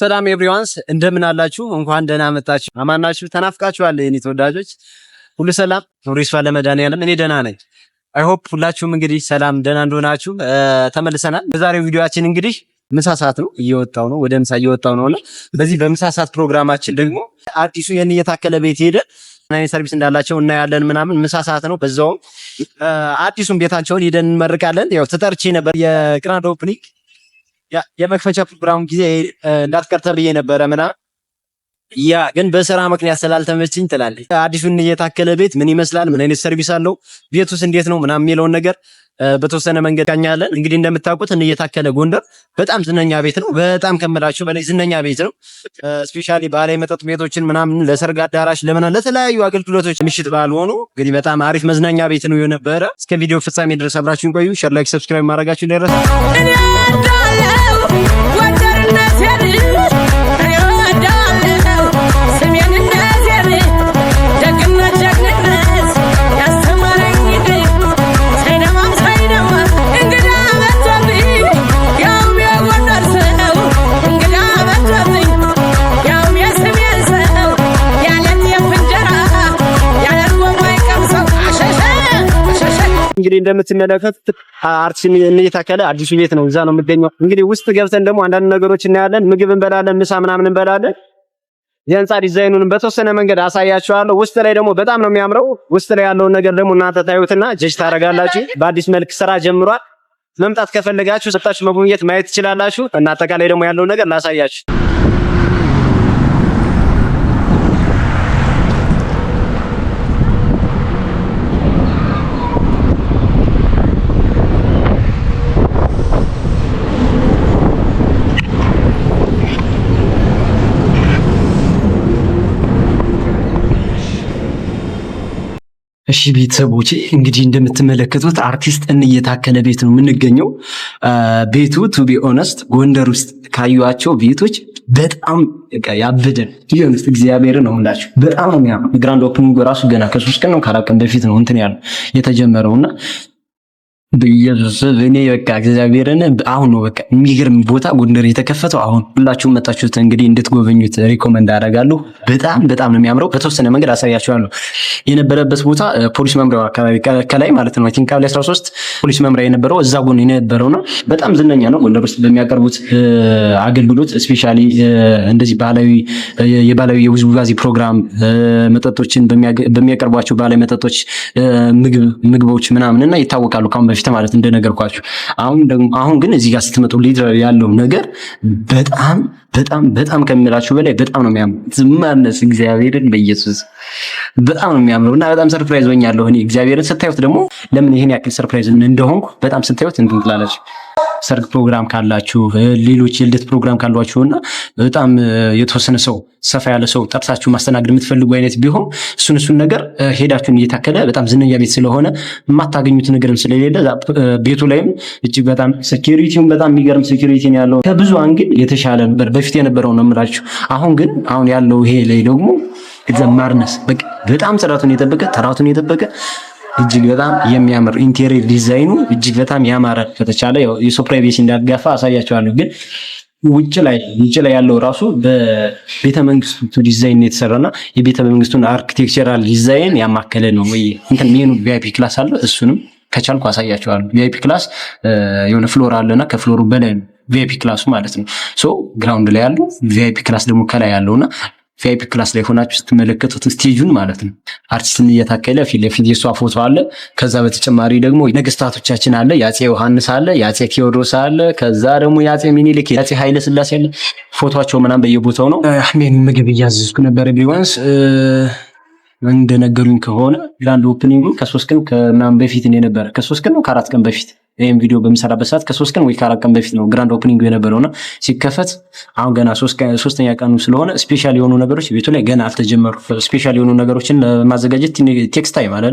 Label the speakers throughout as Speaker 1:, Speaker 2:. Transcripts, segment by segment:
Speaker 1: ሰላም ኤብሪዋንስ እንደምን አላችሁ? እንኳን ደህና መጣችሁ። አማናችሁ ተናፍቃችኋል። የኔ ተወዳጆች ሁሉ ሰላም ኖር ይስፋ ያለም እኔ ደህና ነኝ። አይ ሆፕ ሁላችሁም እንግዲህ ሰላም ደህና እንደሆናችሁ ተመልሰናል። በዛሬው ቪዲዮአችን እንግዲህ ምሳ ሰዓት ነው፣ እየወጣው ነው፣ ወደ ምሳ እየወጣው ነው። በዚህ በምሳ ሰዓት ፕሮግራማችን ደግሞ አዲሱ የኔ እየታከለ ቤት ሄደ ናይ ሰርቪስ እንዳላቸው እናያለን ምናምን ምሳ ሰዓት ነው። በዛውም አዲሱን ቤታቸውን ሄደን እንመርቃለን። ያው ተጠርቼ ነበር የግራንድ ኦፕኒንግ የመክፈቻ ፕሮግራሙ ጊዜ እንዳትቀርተ ብዬ ነበረ ምናምን ያ ግን በስራ ምክንያት ስላልተመችኝ ትላለች። አዲሱን የታከለ ቤት ምን ይመስላል፣ ምን አይነት ሰርቪስ አለው፣ ቤቱስ እንዴት ነው ምናምን የሚለውን ነገር በተወሰነ መንገድ ቃኛለን። እንግዲህ እንደምታውቁት እየታከለ ጎንደር በጣም ዝነኛ ቤት ነው። በጣም ከምላቸው በላይ ዝነኛ ቤት ነው። ስፔሻሊ ባህላዊ መጠጥ ቤቶችን ምናምን ለሰርግ አዳራሽ ለምና ለተለያዩ አገልግሎቶች ምሽት ባልሆኑ እንግዲህ በጣም አሪፍ መዝናኛ ቤት ነው የነበረ። እስከ ቪዲዮ ፍጻሜ ድረስ አብራችሁን ቆዩ። ሸር፣ ላይክ፣ ሰብስክራይብ ማድረጋችሁ እንዳይረሳ። you እንግዲህ እንደምትመለከቱት አርች እየተከለ አዲሱ ቤት ነው። እዛ ነው የምገኘው። እንግዲህ ውስጥ ገብተን ደግሞ አንዳንድ ነገሮች እናያለን። ምግብ እንበላለን፣ ምሳ ምናምን እንበላለን። የህንፃ ዲዛይኑንም በተወሰነ መንገድ አሳያችኋለሁ። ውስጥ ላይ ደግሞ በጣም ነው የሚያምረው። ውስጥ ላይ ያለውን ነገር ደግሞ እናንተ ታዩትና ጀጅ ታደርጋላችሁ። በአዲስ መልክ ስራ ጀምሯል። መምጣት ከፈለጋችሁ ሰጣችሁ መጎብኘት ማየት ትችላላችሁ። እና አጠቃላይ ደግሞ ያለውን ነገር ላሳያችሁ እሺ ቤተሰቦቼ እንግዲህ እንደምትመለከቱት አርቲስት እንየታከለ ቤት ነው የምንገኘው። ቤቱ ቱ ቢ ኦነስት ጎንደር ውስጥ ካዩቸው ቤቶች በጣም ያበደን ሆነስት እግዚአብሔር ነው ምላቸው። በጣም ነው የሚያምር። ግራንድ ኦፕኒንግ ራሱ ገና ከሶስት ቀን ነው ከአራት ቀን በፊት ነው እንትን ያለ የተጀመረው እና በኢየሱስ እኔ በቃ እግዚአብሔርን አሁን ነው በቃ የሚገርም ቦታ ጎንደር የተከፈተው አሁን ሁላችሁም መጣችሁት እንግዲህ እንድትጎበኙት ሪኮመንድ አደርጋለሁ። በጣም በጣም ነው የሚያምረው። በተወሰነ መንገድ አሳያችኋለሁ። የነበረበት ቦታ ፖሊስ መምሪያው አካባቢ ከላይ ማለት ነው ቲንክ ላይ 13 ፖሊስ መምሪያ የነበረው እዛ ጎን የነበረው ነው። በጣም ዝነኛ ነው ጎንደር ውስጥ በሚያቀርቡት አገልግሎት እስፔሻሊ እንደዚህ ባህላዊ የባህላዊ የውዝዋዜ ፕሮግራም መጠጦችን በሚያቀርቧቸው ባህላዊ መጠጦች ምግብ ምግቦች ምናምን እና ይታወቃሉ ከአሁን በፊት በፊት ማለት እንደነገርኳችሁ። አሁን ደግሞ አሁን ግን እዚህ ጋር ስትመጡ ሊደር ያለው ነገር በጣም በጣም በጣም ከምላችሁ በላይ በጣም ነው የሚያምረው። ዝማነስ እግዚአብሔርን በኢየሱስ በጣም ነው የሚያምረው እና በጣም ሰርፕራይዝ ሆኛለሁ እኔ እግዚአብሔርን ስታዩት ደግሞ ለምን ይሄን ያክል ሰርፕራይዝ እንደሆንኩ በጣም ስታዩት እንትን ትላለች። ሰርግ ፕሮግራም ካላችሁ፣ ሌሎች የልደት ፕሮግራም ካሏችሁ እና በጣም የተወሰነ ሰው ሰፋ ያለ ሰው ጠርታችሁ ማስተናገድ የምትፈልጉ አይነት ቢሆን እሱን እሱን ነገር ሄዳችሁን እየታከለ በጣም ዝነኛ ቤት ስለሆነ የማታገኙት ነገርም ስለሌለ ቤቱ ላይም እጅግ በጣም ሴኪሪቲውን በጣም የሚገርም ሴኪሪቲ ያለው ከብዙ አንግል የተሻለ ነበር በፊት የነበረው ነው የምላችሁ። አሁን ግን አሁን ያለው ይሄ ላይ ደግሞ ማርነስ በጣም ጥራቱን የጠበቀ ተራቱን የጠበቀ እጅግ በጣም የሚያምር ኢንቴሪየር ዲዛይኑ እጅግ በጣም ያማረ ከተቻለ የሱፕራይቬሲ ፕራይቬሲ እንዳትጋፋ አሳያቸዋለሁ። ግን ውጭ ላይ ውጭ ላይ ያለው ራሱ በቤተ መንግስቱ ዲዛይን የተሰራና የቤተ መንግስቱን አርኪቴክቸራል ዲዛይን ያማከለ ነው። ወይ እንትን ሜኑ ቪአይፒ ክላስ አለ። እሱንም ከቻልኩ አሳያቸዋለሁ። ቪአይፒ ክላስ የሆነ ፍሎር አለና ከፍሎሩ በላይ ነው ቪአይፒ ክላሱ ማለት ነው። ሶ ግራውንድ ላይ ያለው ቪአይፒ ክላስ ደግሞ ከላይ ያለውና ቪአይፒ ክላስ ላይ ሆናችሁ ስትመለከቱት ስቴጁን ማለት ነው። አርቲስትን እየታከለ ፊት ለፊት የሷ ፎቶ አለ። ከዛ በተጨማሪ ደግሞ ነገስታቶቻችን አለ፣ የአፄ ዮሐንስ አለ፣ የአፄ ቴዎድሮስ አለ፣ ከዛ ደግሞ የአፄ ሚኒሊክ፣ የአፄ ኃይለ ስላሴ አለ። ፎቶቸው ምናም በየቦታው ነው። ሜኑ ምግብ እያዘዝኩ ነበረ ቢዋንስ እንደነገሩኝ ከሆነ ለአንድ ኦፕኒንግ ከሶስት ቀን ከምናምን በፊት ነው የነበረ ከሶስት ቀን ነው ከአራት ቀን በፊት ይህም ቪዲዮ በሚሰራበት ሰዓት ከሶስት ቀን ወይ ከአራት ቀን በፊት ነው ግራንድ ኦፕኒንግ የነበረውና ሲከፈት አሁን ገና ሶስተኛ ቀኑ ስለሆነ ስፔሻል የሆኑ ነገሮች ቤቱ ላይ ገና አልተጀመሩ። ስፔሻል የሆኑ ነገሮችን ለማዘጋጀት ቴክስ ታይም አለ።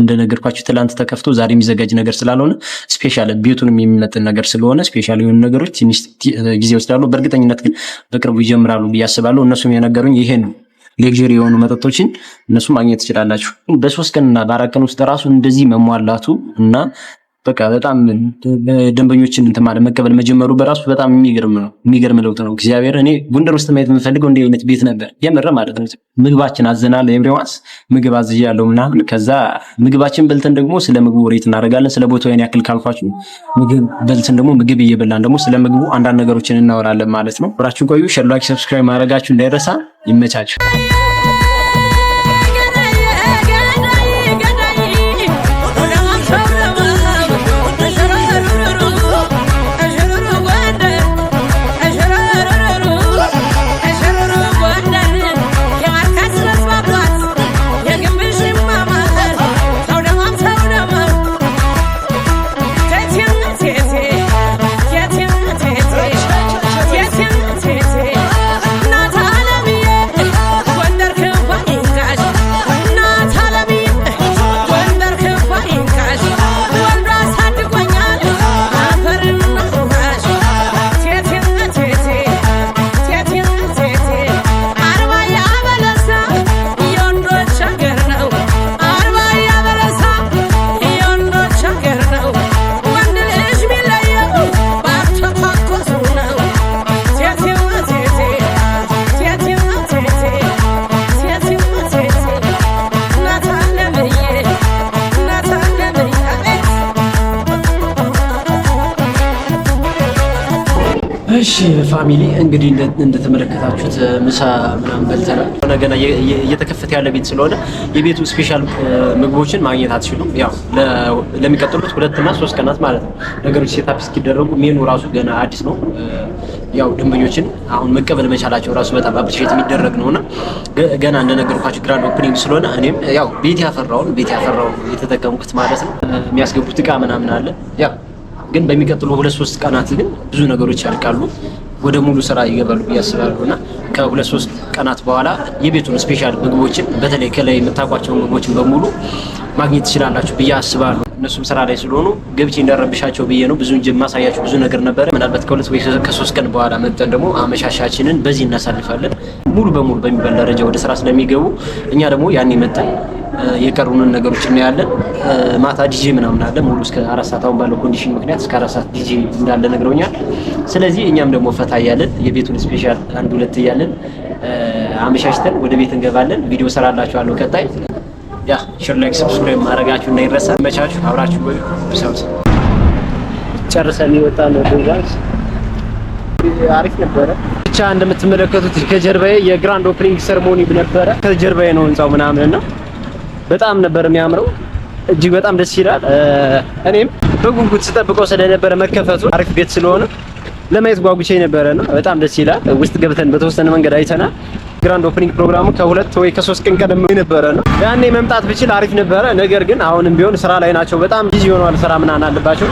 Speaker 1: እንደነገርኳቸው ትላንት ተከፍቶ ዛሬ የሚዘጋጅ ነገር ስላልሆነ ስፔሻል ቤቱንም የሚመጥን ነገር ስለሆነ ስፔሻል የሆኑ ነገሮች ትንሽ ጊዜ ይወስዳሉ። በእርግጠኝነት ግን በቅርቡ ይጀምራሉ ብዬ አስባለሁ። እነሱም የነገሩኝ ይሄ ነው። ሌክዥሪ የሆኑ መጠጦችን እነሱ ማግኘት ትችላላችሁ። በሶስት ቀንና በአራት ቀን ውስጥ ራሱ እንደዚህ መሟላቱ እና በቃ በጣም ደንበኞችን እንትን ማለት መቀበል መጀመሩ በራሱ በጣም የሚገርም ነው፣ የሚገርም ለውጥ ነው። እግዚአብሔር እኔ ጎንደር ውስጥ ማየት የምፈልገው እንዲህ አይነት ቤት ነበር፣ የምር ማለት ነው። ምግባችን አዘናል፣ ኤቭሪዋንስ ምግብ አዝያለሁ ምናምን። ከዛ ምግባችን በልተን ደግሞ ስለ ምግቡ ሬት እናደርጋለን። ስለ ቦታው ያን ያክል ካልኳችሁ ምግብ በልተን ደግሞ ምግብ እየበላን ደግሞ ስለ ምግቡ አንዳንድ ነገሮችን እናወራለን ማለት ነው። ብራችሁን ቆዩ። ሸላኪ ሰብስክራይብ ማድረጋችሁ እንዳይረሳ። ይመቻችሁ። እሺ ፋሚሊ እንግዲህ እንደተመለከታችሁት ምሳ ምናምን በልተናል። ገና እየተከፈተ ያለ ቤት ስለሆነ የቤቱ ስፔሻል ምግቦችን ማግኘት አትችሉም። ያው ለሚቀጥሉት ሁለትና ሶስት ቀናት ማለት ነው ነገሮች ሴታፕ እስኪደረጉ ሜኑ ራሱ ገና አዲስ ነው። ያው ደንበኞችን አሁን መቀበል መቻላቸው ራሱ በጣም አፕሪሼት የሚደረግ ነውና ገና እንደነገርኳችሁ ግራንድ ኦፕኒንግ ስለሆነ እኔም ያው ቤት ያፈራውን ቤት ያፈራውን የተጠቀምኩት ማለት ነው። የሚያስገቡት እቃ ምናምን አለ ያው ግን በሚቀጥሉ ሁለት ሶስት ቀናት ግን ብዙ ነገሮች ያልቃሉ፣ ወደ ሙሉ ስራ ይገባሉ ብዬ አስባለሁ እና ከሁለት ሶስት ቀናት በኋላ የቤቱን ስፔሻል ምግቦችን በተለይ ከላይ የምታውቋቸውን ምግቦችን በሙሉ ማግኘት ትችላላችሁ ብዬ አስባለሁ። እነሱም ስራ ላይ ስለሆኑ ገብቼ እንዳረብሻቸው ብዬ ነው። ብዙ እንጂ ማሳያቸው ብዙ ነገር ነበረ። ምናልባት ከሁለት ወይ ከሶስት ቀን በኋላ መጠን ደግሞ አመሻሻችንን በዚህ እናሳልፋለን። ሙሉ በሙሉ በሚባል ደረጃ ወደ ስራ ስለሚገቡ እኛ ደግሞ ያኔ መጠን የቀሩንን ነገሮች እናያለን። ማታ ዲጄ ምናምን አለ ሙሉ እስከ አራት ሰዓት አሁን ባለው ኮንዲሽን ምክንያት እስከ አራት ሰዓት ዲጄ እንዳለ ነግረውኛል። ስለዚህ እኛም ደግሞ ፈታ እያለን የቤቱን ስፔሻል አንድ ሁለት እያለን አመሻሽተን ወደ ቤት እንገባለን። ቪዲዮ ሰራላችኋለሁ ቀጣይ። ያ ሽር ላይክ፣ ሰብስክራይብ ማድረጋችሁ እንዳይረሳ። መቻችሁ አብራችሁ ወይ ብሰብስ ጨርሰን ይወጣ ነው ድንጋዝ አሪፍ ነበረ። ብቻ እንደምትመለከቱት ከጀርባዬ የግራንድ ኦፕኒንግ ሰርሞኒ ነበረ። ከጀርባዬ ነው ህንፃው ምናምን ነው። በጣም ነበር የሚያምረው። እጅግ በጣም ደስ ይላል። እኔም በጉጉት ስጠብቀው ስለነበረ መከፈቱ አሪፍ ቤት ስለሆነ ለማየት ጓጉቼ ነበረ ነው። በጣም ደስ ይላል። ውስጥ ገብተን በተወሰነ መንገድ አይተናል። ግራንድ ኦፕኒንግ ፕሮግራሙ ከሁለት ወይ ከሶስት ቀን ቀደም የነበረ ነው። ያኔ መምጣት ብችል አሪፍ ነበረ። ነገር ግን አሁንም ቢሆን ስራ ላይ ናቸው። በጣም ቢዚ ሆኗል። ስራ ምናምን አለባቸው።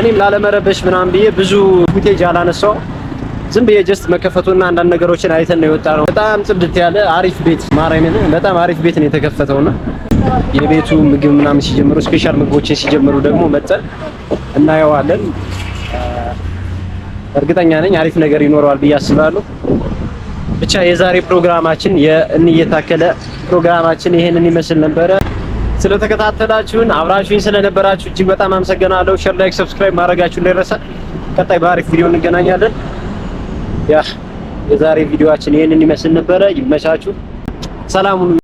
Speaker 1: እኔም ላለመረበሽ ምናምን ብዬ ብዙ ፉቴጅ አላነሳው። ዝም ብዬ ጀስት መከፈቱና አንዳንድ ነገሮችን አይተን ነው የወጣ ነው። በጣም ጽድት ያለ አሪፍ ቤት ማርያምን፣ በጣም አሪፍ ቤት ነው የተከፈተውና የቤቱ ምግብ ምናምን ሲጀምሩ ስፔሻል ምግቦችን ሲጀምሩ ደግሞ መጠን እናየዋለን። እርግጠኛ ነኝ አሪፍ ነገር ይኖረዋል ብዬ አስባለሁ። ብቻ የዛሬ ፕሮግራማችን የእንየታከለ ፕሮግራማችን ይሄንን ይመስል ነበረ። ስለተከታተላችሁን አብራችሁኝ ስለነበራችሁ እጅግ በጣም አመሰግናለሁ። ሼር፣ ላይክ፣ ሰብስክራይብ ማድረጋችሁ እንዳይረሳ። ቀጣይ በአሪፍ ቪዲዮ እንገናኛለን። ያ የዛሬ ቪዲዮአችን ይሄንን ይመስል ነበረ። ይመቻችሁ። ሰላሙን